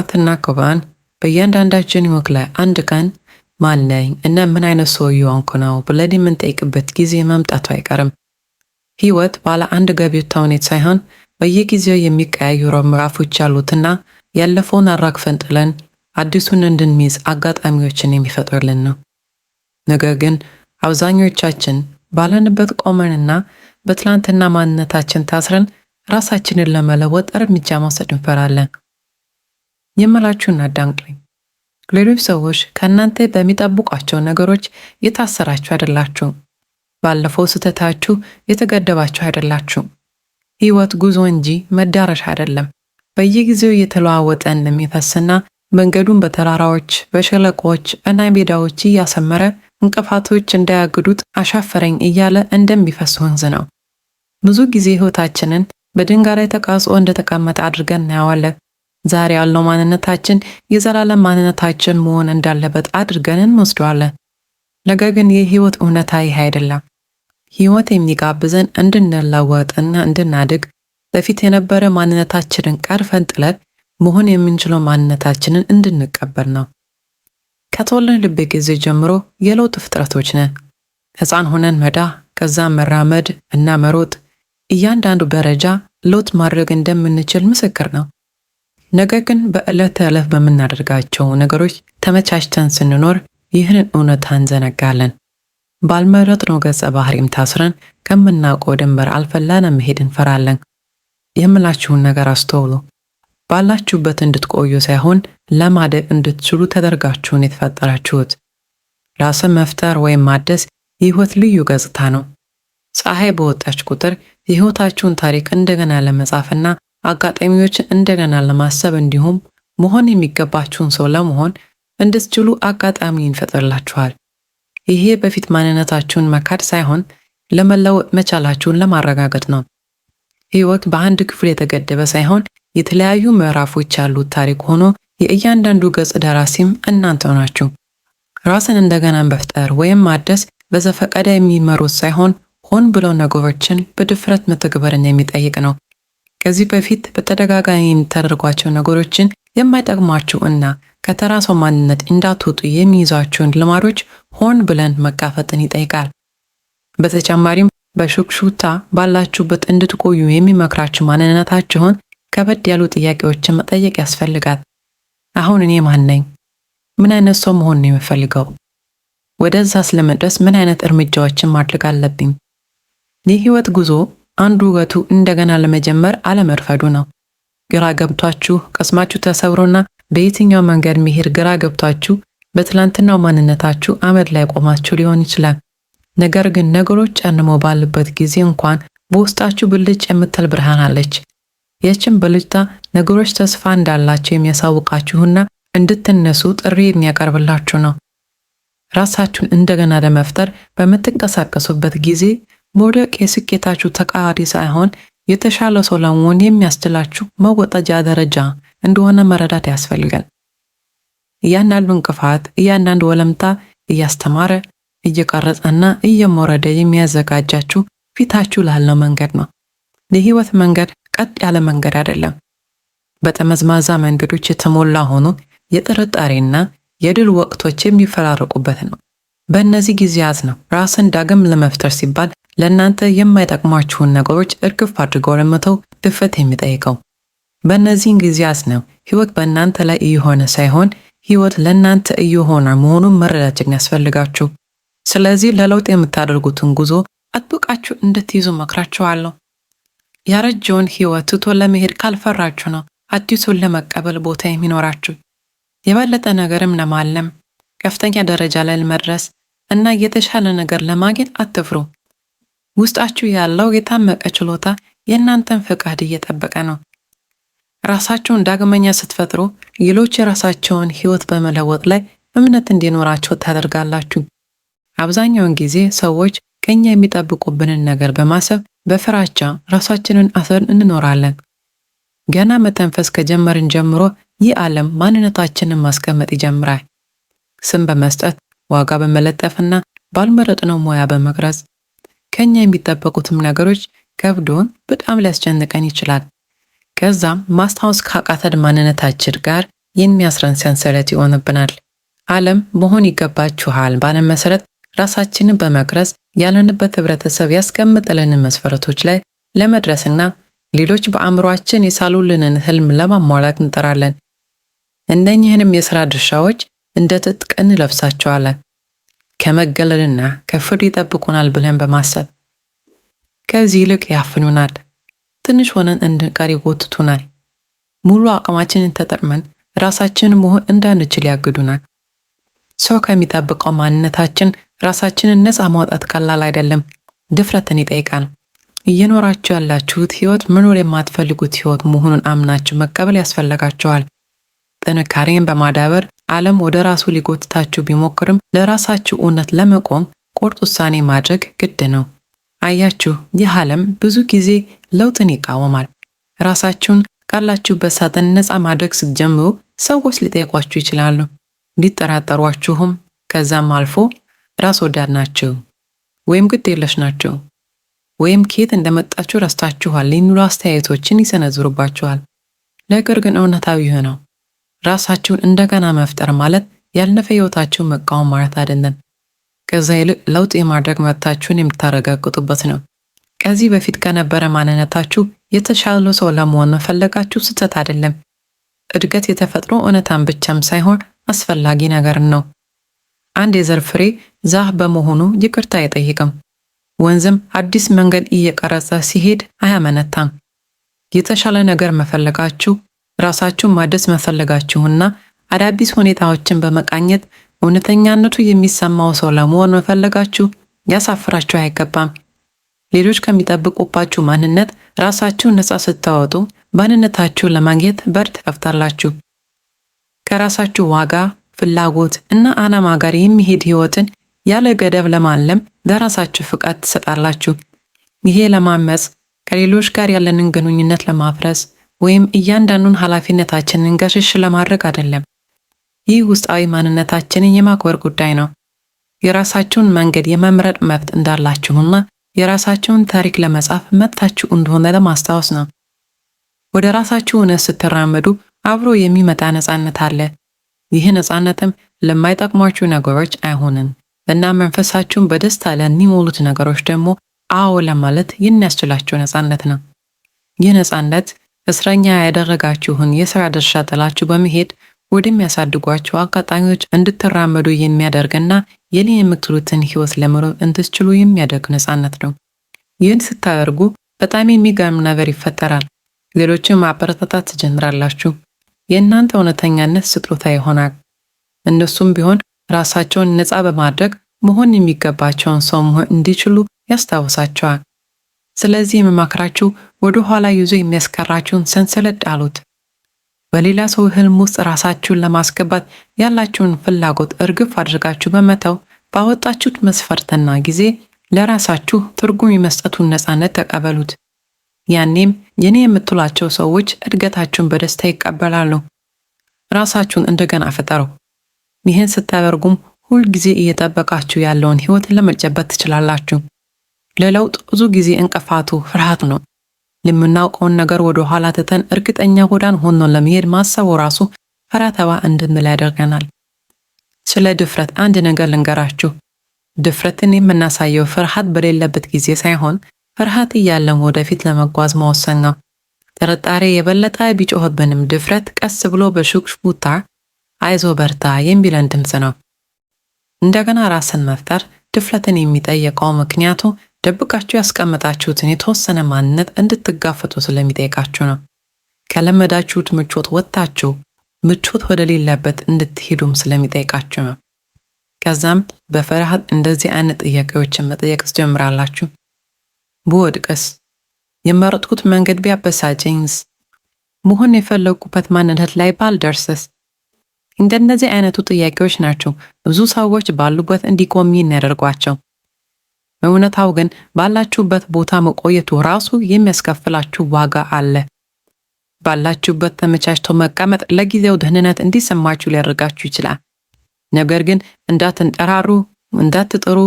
ከዋትና ከዋን በእያንዳንዳችን ህይወት ላይ አንድ ቀን ማን ነኝ እና ምን አይነት ሰው የሆንኩ ነው ብለን የምንጠይቅበት ጊዜ መምጣቱ አይቀርም። ህይወት ባለ አንድ ገቢታ ተውኔት ሳይሆን በየጊዜው የሚቀያየሩ ምዕራፎች ያሉትና ያለፈውን አራግፈን ጥለን አዲሱን እንድንይዝ አጋጣሚዎችን የሚፈጥርልን ነው። ነገር ግን አብዛኞቻችን ባለንበት ቆመንና በትላንትና ማንነታችን ታስረን ራሳችንን ለመለወጥ እርምጃ መውሰድ እንፈራለን። የምላችሁን አዳምጡኝ። ሌሎች ሰዎች ከእናንተ በሚጠብቋቸው ነገሮች የታሰራችሁ አይደላችሁ። ባለፈው ስህተታችሁ የተገደባችሁ አይደላችሁ። ሕይወት ጉዞ እንጂ መዳረሻ አይደለም። በየጊዜው እየተለዋወጠ እንደሚፈስና መንገዱን በተራራዎች በሸለቆዎች እና ሜዳዎች እያሰመረ እንቅፋቶች እንዳያግዱት አሻፈረኝ እያለ እንደሚፈስ ወንዝ ነው። ብዙ ጊዜ ሕይወታችንን በድንጋይ ላይ ተቃጽኦ እንደተቀመጠ አድርገን እናየዋለን። ዛሬ ያለው ማንነታችን የዘላለም ማንነታችን መሆን እንዳለበት አድርገን እንወስደዋለን። ነገር ግን የህይወት እውነታ ይህ አይደለም። ህይወት የሚጋብዘን እንድንለወጥና እንድናድግ በፊት የነበረ ማንነታችንን ቀርፈን ጥለት መሆን የምንችለው ማንነታችንን እንድንቀበል ነው። ከተወለድንበት ጊዜ ጀምሮ የለውጥ ፍጥረቶች ነን። ሕፃን ሆነን መዳ፣ ከዛ መራመድ እና መሮጥ፣ እያንዳንዱ ደረጃ ለውጥ ማድረግ እንደምንችል ምስክር ነው። ነገር ግን በዕለት ተዕለት በምናደርጋቸው ነገሮች ተመቻችተን ስንኖር ይህንን እውነታ እንዘነጋለን። ባልመረጥነው ገጸ ባህሪም ታስረን ከምናውቀው ድንበር አልፈን መሄድ እንፈራለን። የምላችሁን ነገር አስተውሉ። ባላችሁበት እንድትቆዩ ሳይሆን ለማደግ እንድትችሉ ተደርጋችሁን የተፈጠራችሁት። ራስን መፍጠር ወይም ማደስ የህይወት ልዩ ገጽታ ነው። ፀሐይ በወጣች ቁጥር የህይወታችሁን ታሪክ እንደገና ለመጻፍና አጋጣሚዎችን እንደገና ለማሰብ እንዲሁም መሆን የሚገባችሁን ሰው ለመሆን እንድትችሉ አጋጣሚ ይፈጥርላችኋል። ይሄ በፊት ማንነታችሁን መካድ ሳይሆን ለመለወጥ መቻላችሁን ለማረጋገጥ ነው። ህይወት በአንድ ክፍል የተገደበ ሳይሆን የተለያዩ ምዕራፎች ያሉት ታሪክ ሆኖ የእያንዳንዱ ገጽ ደራሲም እናንተ ናችሁ። ራስን እንደገና መፍጠር ወይም ማደስ በዘፈቀደ የሚመሩት ሳይሆን ሆን ብለው ነገሮችን በድፍረት መተግበርን የሚጠይቅ ነው። ከዚህ በፊት በተደጋጋሚ የምታደርጓቸው ነገሮችን የማይጠቅማችሁ እና ከተራ ሰው ማንነት እንዳትወጡ የሚይዟችሁን ልማዶች ሆን ብለን መጋፈጥን ይጠይቃል። በተጨማሪም በሹክሹክታ ባላችሁበት እንድትቆዩ የሚመክራችሁ ማንነታችሁን ከበድ ያሉ ጥያቄዎችን መጠየቅ ያስፈልጋል። አሁን እኔ ማን ነኝ? ምን አይነት ሰው መሆን ነው የምፈልገው? ወደዛስ ለመድረስ ምን አይነት እርምጃዎችን ማድረግ አለብኝ? የህይወት ጉዞ አንዱ ውበቱ እንደገና ለመጀመር አለመርፈዱ ነው። ግራ ገብቷችሁ ቅስማችሁ ተሰብሮና በየትኛው መንገድ መሄድ ግራ ገብቷችሁ በትላንትናው ማንነታችሁ አመድ ላይ ቆማችሁ ሊሆን ይችላል። ነገር ግን ነገሮች ጨንሞ ባሉበት ጊዜ እንኳን በውስጣችሁ ብልጭ የምትል ብርሃን አለች። ይህችን ብልጭታ ነገሮች ተስፋ እንዳላቸው የሚያሳውቃችሁና እንድትነሱ ጥሪ የሚያቀርብላችሁ ነው። ራሳችሁን እንደገና ለመፍጠር በምትንቀሳቀሱበት ጊዜ መውደቅ የስኬታችሁ ተቃራኒ ሳይሆን የተሻለ ሰው ለመሆን የሚያስችላችሁ መወጣጫ ደረጃ እንደሆነ መረዳት ያስፈልጋል። እያንዳንዱ እንቅፋት፣ እያንዳንዱ ወለምታ እያስተማረ እየቀረጸና እየሞረደ የሚያዘጋጃችሁ ፊታችሁ ላለው መንገድ ነው። የህይወት መንገድ ቀጥ ያለ መንገድ አይደለም። በጠመዝማዛ መንገዶች የተሞላ ሆኖ የጥርጣሬና የድል ወቅቶች የሚፈራረቁበት ነው። በእነዚህ ጊዜያት ነው ራስን ዳግም ለመፍጠር ሲባል ለእናንተ የማይጠቅሟችሁን ነገሮች እርግፍ አድርጎ ለመተው ድፍረት የሚጠይቀው። በእነዚህን ጊዜያት ነው ህይወት በእናንተ ላይ እየሆነ ሳይሆን ህይወት ለእናንተ እየሆነ መሆኑን መረዳችን ያስፈልጋችሁ። ስለዚህ ለለውጥ የምታደርጉትን ጉዞ አጥብቃችሁ እንድትይዙ መክራችኋለሁ። ያረጀውን ህይወት ትቶ ለመሄድ ካልፈራችሁ ነው አዲሱን ለመቀበል ቦታ የሚኖራችሁ። የበለጠ ነገርም ለማለም ከፍተኛ ደረጃ ላይ ለመድረስ እና የተሻለ ነገር ለማግኘት አትፍሩ። ውስጣችሁ ያለው የታመቀ ችሎታ የእናንተን ፈቃድ እየጠበቀ ነው። ራሳችሁን ዳግመኛ ስትፈጥሩ ሌሎች የራሳቸውን ሕይወት በመለወጥ ላይ እምነት እንዲኖራቸው ታደርጋላችሁ። አብዛኛውን ጊዜ ሰዎች ከኛ የሚጠብቁብንን ነገር በማሰብ በፍራቻ ራሳችንን አስረን እንኖራለን። ገና መተንፈስ ከጀመርን ጀምሮ ይህ ዓለም ማንነታችንን ማስቀመጥ ይጀምራል። ስም በመስጠት ዋጋ በመለጠፍና ባልመረጥነው ሙያ በመቅረጽ ከኛ የሚጠበቁትም ነገሮች ከብዶን በጣም ሊያስጨንቀን ይችላል። ከዛም ማስታወስ ካቃተን ማንነታችን ጋር የሚያስረን ሰንሰለት ይሆንብናል። ዓለም መሆን ይገባችኋል ባለ መሰረት ራሳችንን በመቅረጽ ያለንበት ህብረተሰብ ያስቀምጠልንን መስፈረቶች ላይ ለመድረስና ሌሎች በአእምሯችን የሳሉልንን ህልም ለማሟላት እንጠራለን። እነኚህንም የሥራ ድርሻዎች እንደ ትጥቅ እንለብሳቸዋለን። ከመገለልና ከፍርድ ይጠብቁናል ብለን በማሰብ ከዚህ ይልቅ ያፍኑናል፣ ትንሽ ሆነን እንድንቀር ይጎትቱናል፣ ሙሉ አቅማችንን ተጠቅመን ራሳችንን መሆን እንዳንችል ያግዱናል። ሰው ከሚጠብቀው ማንነታችን ራሳችንን ነፃ ማውጣት ቀላል አይደለም፣ ድፍረትን ይጠይቃል። እየኖራችሁ ያላችሁት ህይወት መኖር የማትፈልጉት ህይወት መሆኑን አምናችሁ መቀበል ያስፈልጋችኋል። ጥንካሬን በማዳበር ዓለም ወደ ራሱ ሊጎትታችሁ ቢሞክርም ለራሳችሁ እውነት ለመቆም ቁርጥ ውሳኔ ማድረግ ግድ ነው። አያችሁ፣ ይህ ዓለም ብዙ ጊዜ ለውጥን ይቃወማል። ራሳችሁን ካላችሁበት ሳጥን ነፃ ማድረግ ስትጀምሩ ሰዎች ሊጠይቋችሁ ይችላሉ፣ ሊጠራጠሯችሁም። ከዛም አልፎ ራስ ወዳድ ናቸው ወይም ግድ የለሽ ናቸው ወይም ኬት እንደመጣችሁ ረስታችኋል የሚሉ አስተያየቶችን ይሰነዝሩባችኋል። ነገር ግን እውነታዊ ነው ራሳችሁን እንደገና መፍጠር ማለት ያለፈ ሕይወታችሁን መቃወም ማለት አይደለም። ከዛ ይልቅ ለውጥ የማድረግ መብታችሁን የምታረጋግጡበት ነው። ከዚህ በፊት ከነበረ ማንነታችሁ የተሻለ ሰው ለመሆን መፈለጋችሁ ስህተት አይደለም። እድገት የተፈጥሮ እውነታን ብቻም ሳይሆን አስፈላጊ ነገር ነው። አንድ የዘር ፍሬ ዛፍ በመሆኑ ይቅርታ አይጠይቅም። ወንዝም አዲስ መንገድ እየቀረጸ ሲሄድ አያመነታም። የተሻለ ነገር መፈለጋችሁ ራሳችሁን ማደስ መፈለጋችሁና አዳዲስ ሁኔታዎችን በመቃኘት እውነተኛነቱ የሚሰማው ሰው ለመሆን መፈለጋችሁ ያሳፍራችሁ አይገባም። ሌሎች ከሚጠብቁባችሁ ማንነት ራሳችሁን ነፃ ስታወጡ ማንነታችሁን ለማግኘት በር ትከፍታላችሁ። ከራሳችሁ ዋጋ፣ ፍላጎት እና ዓላማ ጋር የሚሄድ ህይወትን ያለ ገደብ ለማለም ለራሳችሁ ፍቃድ ትሰጣላችሁ። ይሄ ለማመፅ፣ ከሌሎች ጋር ያለንን ግንኙነት ለማፍረስ ወይም እያንዳንዱን ኃላፊነታችንን ገሸሽ ለማድረግ አይደለም። ይህ ውስጣዊ ማንነታችንን የማክበር ጉዳይ ነው። የራሳችሁን መንገድ የመምረጥ መብት እንዳላችሁና የራሳችሁን ታሪክ ለመጻፍ መብታችሁ እንደሆነ ለማስታወስ ነው። ወደ ራሳችሁ እውነት ስትራመዱ አብሮ የሚመጣ ነፃነት አለ። ይህ ነጻነትም ለማይጠቅሟችሁ ነገሮች አይሆንም እና መንፈሳችሁን በደስታ ለሚሞሉት ነገሮች ደግሞ አዎ ለማለት የሚያስችላችሁ ነጻነት ነው። ይህ እስረኛ ያደረጋችሁን የሥራ ድርሻ ጥላችሁ በመሄድ ወደሚያሳድጓችሁ አጋጣሚዎች እንድትራመዱ የሚያደርግና የኔ የምትሉትን ሕይወት ለመኖር እንድትችሉ የሚያደርግ ነፃነት ነው። ይህን ስታደርጉ በጣም የሚገርም ነገር ይፈጠራል። ሌሎችን ማበረታታት ትጀምራላችሁ። የእናንተ እውነተኛነት ስጦታ ይሆናል። እነሱም ቢሆን ራሳቸውን ነፃ በማድረግ መሆን የሚገባቸውን ሰው መሆን እንዲችሉ ያስታውሳቸዋል። ስለዚህ የምመክራችሁ ወደ ኋላ ይዞ የሚያስቀራችሁን ሰንሰለት አሉት። በሌላ ሰው ህልም ውስጥ ራሳችሁን ለማስገባት ያላችሁን ፍላጎት እርግፍ አድርጋችሁ በመተው ባወጣችሁት መስፈርትና ጊዜ ለራሳችሁ ትርጉም የመስጠቱን ነፃነት ተቀበሉት። ያኔም የኔ የምትሏቸው ሰዎች እድገታችሁን በደስታ ይቀበላሉ። ራሳችሁን እንደገና ፈጠሩ። ይህን ስታደርጉም ሁል ጊዜ እየጠበቃችሁ ያለውን ህይወት ለመጨበት ትችላላችሁ። ለለውጥ ብዙ ጊዜ እንቅፋቱ ፍርሃት ነው። የምናውቀውን ነገር ወደ ኋላ ትተን እርግጠኛ ጎዳን ሆኖን ለመሄድ ማሰቡ ራሱ ፈራተባ እንድንል ያደርገናል። ስለ ድፍረት አንድ ነገር ልንገራችሁ። ድፍረትን የምናሳየው ፍርሃት በሌለበት ጊዜ ሳይሆን ፍርሃት እያለን ወደፊት ለመጓዝ መወሰን ነው። ጥርጣሬ የበለጠ ቢጮህብንም ድፍረት ቀስ ብሎ በሹክሹክታ አይዞ በርታ የሚለን ድምፅ ነው። እንደገና ራስን መፍጠር ድፍረትን የሚጠየቀው ምክንያቱ ደብቃችሁ ያስቀመጣችሁትን የተወሰነ ማንነት እንድትጋፈጡ ስለሚጠይቃችሁ ነው። ከለመዳችሁት ምቾት ወጥታችሁ ምቾት ወደሌለበት እንድትሄዱም ስለሚጠይቃችሁ ነው። ከዛም በፍርሃት እንደዚህ አይነት ጥያቄዎችን መጠየቅ ትጀምራላችሁ። ብወድቅስ? የመረጥኩት መንገድ ቢያበሳጨኝስ? መሆን የፈለግኩበት ማንነት ላይ ባልደርስስ? እንደነዚህ አይነቱ ጥያቄዎች ናቸው ብዙ ሰዎች ባሉበት እንዲቆም የሚያደርጓቸው። እውነታው ግን ባላችሁበት ቦታ መቆየቱ ራሱ የሚያስከፍላችሁ ዋጋ አለ። ባላችሁበት ተመቻችቶ መቀመጥ ለጊዜው ደህንነት እንዲሰማችሁ ሊያደርጋችሁ ይችላል። ነገር ግን እንዳትንጠራሩ፣ እንዳትጥሩ፣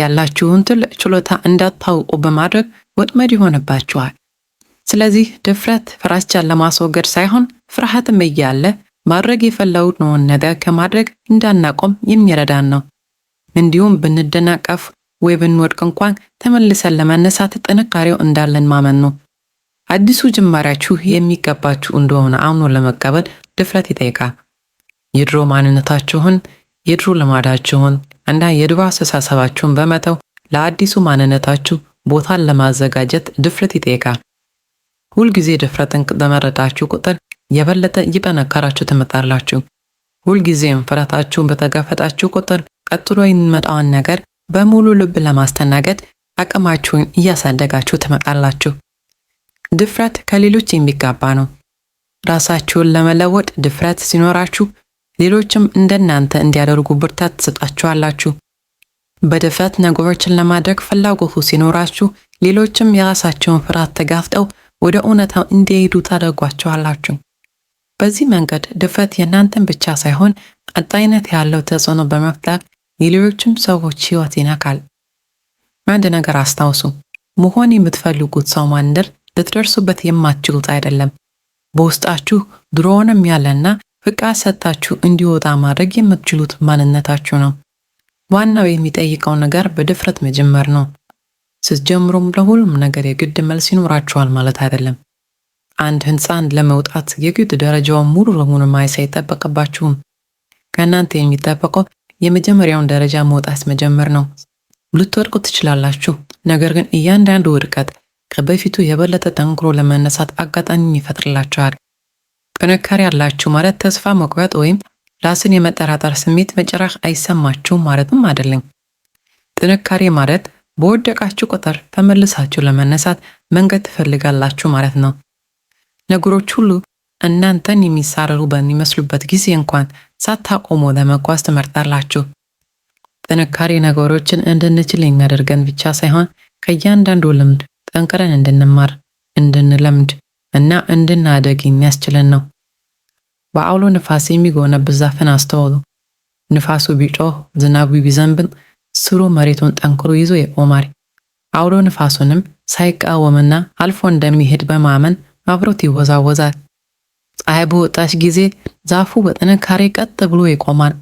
ያላችሁን ትልቅ ችሎታ እንዳታውቁ በማድረግ ወጥመድ ይሆንባችኋል። ስለዚህ ድፍረት ፍራቻን ለማስወገድ ሳይሆን ፍርሃትም እያለ ማድረግ የፈለግነውን ነገር ከማድረግ እንዳናቆም የሚረዳን ነው። እንዲሁም ብንደናቀፍ ወይ ብንወድቅ እንኳን ተመልሰን ለመነሳት ጥንካሬው እንዳለን ማመን ነው። አዲሱ ጅማሪያችሁ የሚገባችሁ እንደሆነ አምኖ ለመቀበል ድፍረት ይጠይቃል። የድሮ ማንነታችሁን፣ የድሮ ልማዳችሁን እና የድሮ አስተሳሰባችሁን በመተው ለአዲሱ ማንነታችሁ ቦታን ለማዘጋጀት ድፍረት ይጠይቃል። ሁልጊዜ ድፍረትን በመረዳችሁ ቁጥር የበለጠ እየጠነከራችሁ ትመጣላችሁ። ሁልጊዜም ፍረታችሁን በተጋፈጣችሁ ቁጥር ቀጥሎ የሚመጣውን ነገር በሙሉ ልብ ለማስተናገድ አቅማችሁን እያሳደጋችሁ ትመጣላችሁ። ድፍረት ከሌሎች የሚጋባ ነው። ራሳችሁን ለመለወጥ ድፍረት ሲኖራችሁ ሌሎችም እንደናንተ እንዲያደርጉ ብርታት ትሰጣችኋላችሁ። በድፍረት ነገሮችን ለማድረግ ፍላጎቱ ሲኖራችሁ ሌሎችም የራሳቸውን ፍርሃት ተጋፍጠው ወደ እውነታው እንዲሄዱ ታደርጓቸዋላችሁ። በዚህ መንገድ ድፍረት የእናንተን ብቻ ሳይሆን ቀጣይነት ያለው ተጽዕኖ በመፍጠር የሌሎችም ሰዎች ህይወት ይነካል። አንድ ነገር አስታውሱ፣ መሆን የምትፈልጉት ሰው ማንደር ልትደርሱበት የማትችሉት አይደለም። በውስጣችሁ ድሮውንም ያለና ፍቃድ ሰጥታችሁ እንዲወጣ ማድረግ የምትችሉት ማንነታችሁ ነው። ዋናው የሚጠይቀው ነገር በድፍረት መጀመር ነው። ስትጀምሩም ለሁሉም ነገር የግድ መልስ ይኖራችኋል ማለት አይደለም። አንድ ህንፃን ለመውጣት የግድ ደረጃውን ሙሉ ለሙሉ ማየት አይጠበቅባችሁም። ከእናንተ የሚጠበቀው የመጀመሪያውን ደረጃ መውጣት መጀመር ነው። ልትወድቁ ትችላላችሁ፣ ነገር ግን እያንዳንዱ ውድቀት ከበፊቱ የበለጠ ጠንክሮ ለመነሳት አጋጣሚ ይፈጥርላችኋል። ጥንካሬ አላችሁ ማለት ተስፋ መቁረጥ ወይም ራስን የመጠራጠር ስሜት መጨረሻ አይሰማችሁም ማለትም አይደለም። ጥንካሬ ማለት በወደቃችሁ ቁጥር ተመልሳችሁ ለመነሳት መንገድ ትፈልጋላችሁ ማለት ነው። ነገሮች ሁሉ እናንተን የሚሳረሩ በሚመስሉበት ጊዜ እንኳን ሳታቆሙ ለመጓዝ ትመርጣላችሁ። ጥንካሬ ነገሮችን እንድንችል የሚያደርገን ብቻ ሳይሆን ከእያንዳንዱ ልምድ ጠንክረን እንድንማር፣ እንድንለምድ እና እንድናደግ የሚያስችለን ነው። በአውሎ ንፋስ የሚጎነብስ ዛፍን አስተውሉ። ንፋሱ ቢጮህ፣ ዝናቡ ቢዘንብን ስሩ መሬቱን ጠንክሮ ይዞ ይቆማል። አውሎ ንፋሱንም ሳይቃወምና አልፎ እንደሚሄድ በማመን አብሮት ይወዛወዛል። ፀሐይ በወጣች ጊዜ ዛፉ በጥንካሬ ቀጥ ብሎ ይቆማል።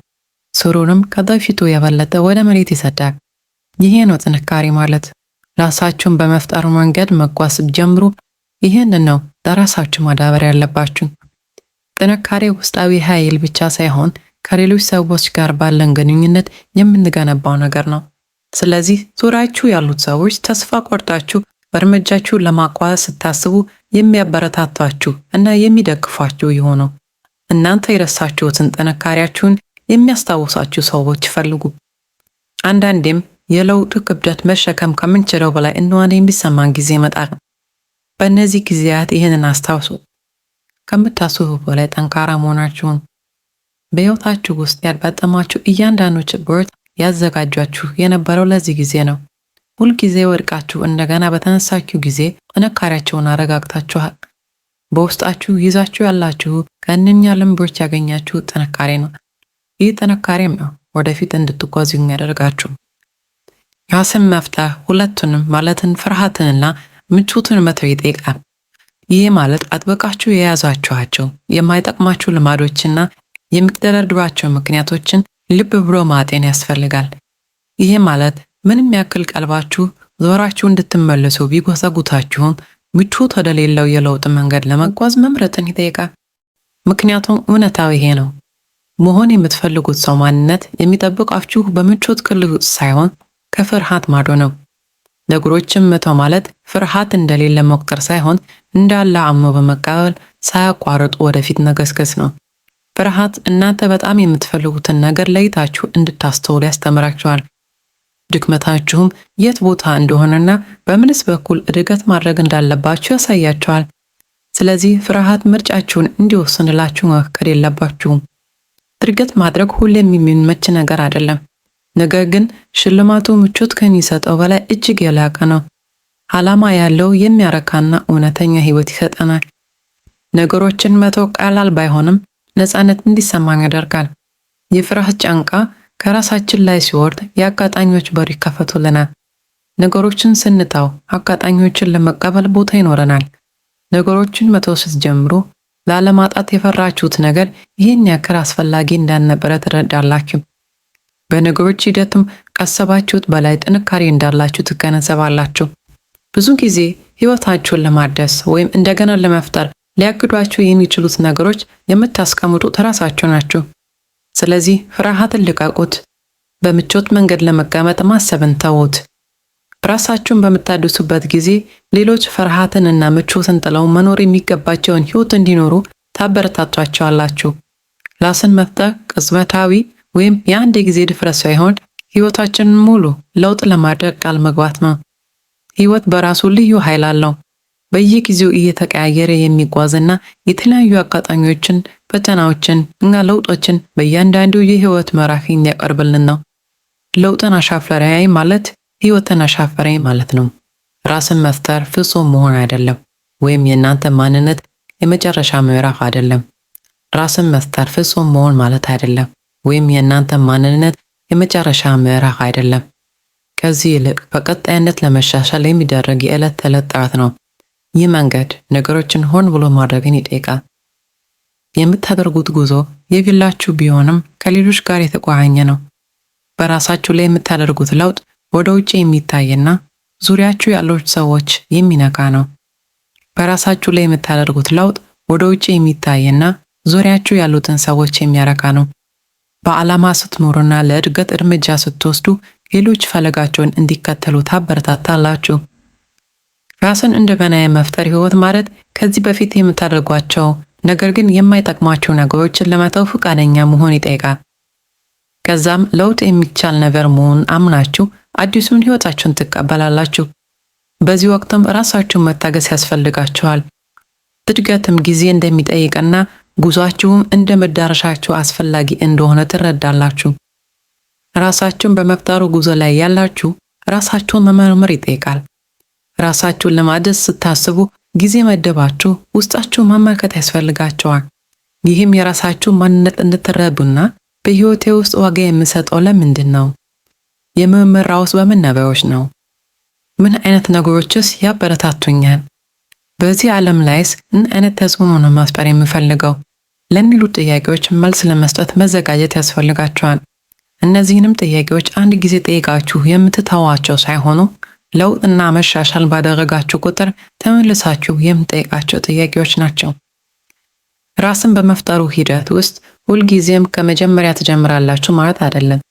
ስሩንም ከበፊቱ የበለጠ ወደ መሬት ይሰዳል። ይሄ ነው ጥንካሬ ማለት። ራሳችሁን በመፍጠር መንገድ መጓዝ ስትጀምሩ ይህን ነው ለራሳችሁ ማዳበር ያለባችሁ። ጥንካሬ ውስጣዊ ኃይል ብቻ ሳይሆን ከሌሎች ሰዎች ጋር ባለን ግንኙነት የምንገነባው ነገር ነው። ስለዚህ ዙሪያችሁ ያሉት ሰዎች ተስፋ ቆርጣችሁ በእርምጃችሁ ለማቋረጥ ስታስቡ የሚያበረታቷችሁ እና የሚደግፏችሁ የሆኑ እናንተ የረሳችሁትን ጥንካሬያችሁን የሚያስታውሳችሁ ሰዎች ይፈልጉ አንዳንዴም የለውጡ ክብደት መሸከም ከምንችለው በላይ እንደሆነ የሚሰማን ጊዜ ይመጣል። በእነዚህ ጊዜያት ይህንን አስታውሱ፣ ከምታስቡ በላይ ጠንካራ መሆናችሁን። በሕይወታችሁ ውስጥ ያጋጠማችሁ እያንዳንዱ ችግሮች ያዘጋጇችሁ የነበረው ለዚህ ጊዜ ነው። ሁልጊዜ ወድቃችሁ እንደገና በተነሳችሁ ጊዜ ጥንካሬያቸውን አረጋግታችኋል። በውስጣችሁ ይዛችሁ ያላችሁ ከእነኛ ልምዶች ያገኛችሁ ጥንካሬ ነው። ይህ ጥንካሬም ነው ወደፊት እንድትጓዙ የሚያደርጋችሁ። የራስን መፍታት ሁለቱንም ማለትን ፍርሃትንና ምቾትን መተው ይጠይቃል። ይህ ማለት አጥብቃችሁ የያዛችኋቸው የማይጠቅማችሁ ልማዶችና የሚደረድሯቸው ምክንያቶችን ልብ ብሎ ማጤን ያስፈልጋል። ይህ ማለት ምንም ያክል ቀልባችሁ ዞራችሁ እንድትመለሱ ቢጎሰጉታችሁም ምቾት ወደሌለው የለውጥ መንገድ ለመጓዝ መምረጥን ይጠይቃል። ምክንያቱም እውነታው ይሄ ነው። መሆን የምትፈልጉት ሰው ማንነት የሚጠብቃችሁ በምቾት ክልል ሳይሆን ከፍርሃት ማዶ ነው። ነገሮችን መተው ማለት ፍርሃት እንደሌለ መቁጠር ሳይሆን እንዳለ አምኖ በመቀበል ሳያቋርጡ ወደፊት መገስገስ ነው። ፍርሃት እናንተ በጣም የምትፈልጉትን ነገር ለይታችሁ እንድታስተውሉ ያስተምራችኋል። ድክመታችሁም የት ቦታ እንደሆነና በምንስ በኩል እድገት ማድረግ እንዳለባችሁ ያሳያችኋል። ስለዚህ ፍርሃት ምርጫችሁን እንዲወስንላችሁ መፍቀድ የለባችሁም። እድገት ማድረግ ሁሌም የሚመች ነገር አይደለም። ነገር ግን ሽልማቱ ምቾት ከሚሰጠው በላይ እጅግ የላቀ ነው። ዓላማ ያለው የሚያረካና እውነተኛ ህይወት ይሰጠናል። ነገሮችን መተው ቀላል ባይሆንም ነፃነት እንዲሰማን ያደርጋል። የፍርሃት ጫንቃ ከራሳችን ላይ ሲወርድ የአጋጣሚዎች በር ይከፈቱልናል። ነገሮችን ስንተው አጋጣሚዎችን ለመቀበል ቦታ ይኖረናል። ነገሮችን መተው ስትጀምሩ ላለማጣት የፈራችሁት ነገር ይህን ያክል አስፈላጊ እንዳልነበረ ትረዳላችሁ። በነገሮች ሂደትም ካሰባችሁት በላይ ጥንካሬ እንዳላችሁ ትገነዘባላችሁ። ብዙ ጊዜ ህይወታችሁን ለማደስ ወይም እንደገና ለመፍጠር ሊያግዷችሁ የሚችሉት ነገሮች የምታስቀምጡት ራሳችሁ ናችሁ። ስለዚህ ፍርሃትን ልቀቁት። በምቾት መንገድ ለመቀመጥ ማሰብን ተዉት። ራሳችሁን በምታድሱበት ጊዜ ሌሎች ፍርሃትንና ምቾትን ጥለው መኖር የሚገባቸውን ሕይወት እንዲኖሩ ታበረታቷቸዋላችሁ። ራስን መፍጠር ቅጽበታዊ ወይም የአንድ ጊዜ ድፍረት ሳይሆን ሕይወታችንን ሙሉ ለውጥ ለማድረግ ቃል መግባት ነው። ሕይወት በራሱ ልዩ ኃይል አለው። በየጊዜው እየተቀያየረ የሚጓዝና የተለያዩ አጋጣሚዎችን ፈተናዎችን እና ለውጦችን በእያንዳንዱ የህይወት መራፊ እንዲያቀርብልን ነው። ለውጥን አሻፈረኝ ማለት ህይወትን አሻፈረኝ ማለት ነው። ራስን መፍጠር ፍጹም መሆን አይደለም፣ ወይም የእናንተ ማንነት የመጨረሻ ምዕራፍ አይደለም። ራስን መፍጠር ፍጹም መሆን ማለት አይደለም፣ ወይም የእናንተ ማንነት የመጨረሻ ምዕራፍ አይደለም። ከዚህ ይልቅ በቀጣይነት ለመሻሻል የሚደረግ የዕለት ተዕለት ጥረት ነው። ይህ መንገድ ነገሮችን ሆን ብሎ ማድረግን ይጠይቃል። የምታደርጉት ጉዞ የግላችሁ ቢሆንም ከሌሎች ጋር የተቆራኘ ነው። በራሳችሁ ላይ የምታደርጉት ለውጥ ወደ ውጭ የሚታይና ዙሪያችሁ ያሉት ሰዎች የሚነካ ነው። በራሳችሁ ላይ የምታደርጉት ለውጥ ወደ ውጭ የሚታይና ዙሪያችሁ ያሉትን ሰዎች የሚያረካ ነው። በዓላማ ስትኖሩና ለእድገት እርምጃ ስትወስዱ ሌሎች ፈለጋቸውን እንዲከተሉ ታበረታታላችሁ። ራስን እንደገና የመፍጠር ህይወት ማለት ከዚህ በፊት የምታደርጓቸው ነገር ግን የማይጠቅማቸው ነገሮችን ለመተው ፈቃደኛ መሆን ይጠይቃል። ከዛም ለውጥ የሚቻል ነገር መሆን አምናችሁ አዲሱን ህይወታችሁን ትቀበላላችሁ። በዚህ ወቅትም ራሳችሁን መታገስ ያስፈልጋችኋል። እድገትም ጊዜ እንደሚጠይቅና ጉዟችሁም እንደ መዳረሻችሁ አስፈላጊ እንደሆነ ትረዳላችሁ። ራሳችሁን በመፍጠሩ ጉዞ ላይ ያላችሁ ራሳችሁን መመርመር ይጠይቃል። ራሳችሁን ለማደስ ስታስቡ ጊዜ መደባችሁ ውስጣችሁ መመልከት ያስፈልጋቸዋል። ይህም የራሳችሁ ማንነት እንድትረዱና በሕይወቴ ውስጥ ዋጋ የምሰጠው ለምንድን ነው? የምመራውስ በምን ነገሮች ነው? ምን አይነት ነገሮችስ ያበረታቱኛል? በዚህ ዓለም ላይስ ምን አይነት ተጽዕኖ ነው ማስፈር የምፈልገው ለሚሉ ጥያቄዎች መልስ ለመስጠት መዘጋጀት ያስፈልጋቸዋል። እነዚህንም ጥያቄዎች አንድ ጊዜ ጠይቃችሁ የምትተዋቸው ሳይሆኑ ለውጥና መሻሻል ባደረጋችሁ ቁጥር ተመልሳችሁ የምጠይቃቸው ጥያቄዎች ናቸው። ራስን በመፍጠሩ ሂደት ውስጥ ሁልጊዜም ከመጀመሪያ ትጀምራላችሁ ማለት አይደለም።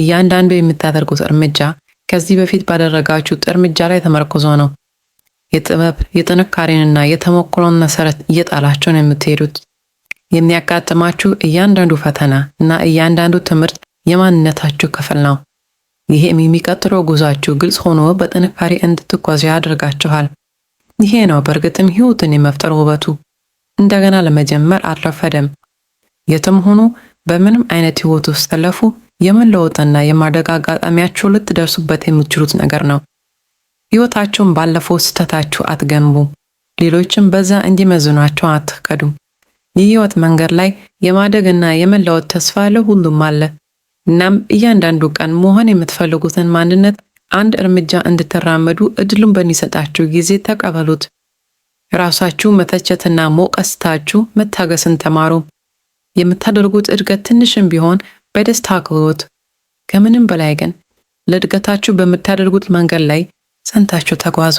እያንዳንዱ የምታደርጉት እርምጃ ከዚህ በፊት ባደረጋችሁት እርምጃ ላይ ተመርኩዞ ነው። የጥበብ የጥንካሬንና የተሞክሮን መሰረት እየጣላችሁ ነው የምትሄዱት። የሚያጋጥማችሁ እያንዳንዱ ፈተና እና እያንዳንዱ ትምህርት የማንነታችሁ ክፍል ነው። ይህም የሚቀጥለው ጉዟችሁ ግልጽ ሆኖ በጥንካሬ እንድትጓዙ ያደርጋችኋል። ይሄ ነው በእርግጥም ህይወትን የመፍጠር ውበቱ። እንደገና ለመጀመር አልረፈደም። የትም ሆኖ በምንም አይነት ህይወት ውስጥ ተለፉ የመለወጥና የማደግ አጋጣሚያችሁ ልትደርሱበት የምትችሉት ነገር ነው። ሕይወታችሁን ባለፈው ስህተታችሁ አትገንቡ። ሌሎችም በዛ እንዲመዝኗቸው አትከዱ። የህይወት መንገድ ላይ የማደግና የመለወጥ ተስፋ ለሁሉም አለ። እናም እያንዳንዱ ቀን መሆን የምትፈልጉትን ማንነት አንድ እርምጃ እንድትራመዱ እድሉን በሚሰጣችሁ ጊዜ ተቀበሉት። ራሳችሁ መተቸትና ሞቀስታችሁ መታገስን ተማሩ። የምታደርጉት እድገት ትንሽም ቢሆን በደስታ አክብሩት። ከምንም በላይ ግን ለእድገታችሁ በምታደርጉት መንገድ ላይ ጸንታችሁ ተጓዙ።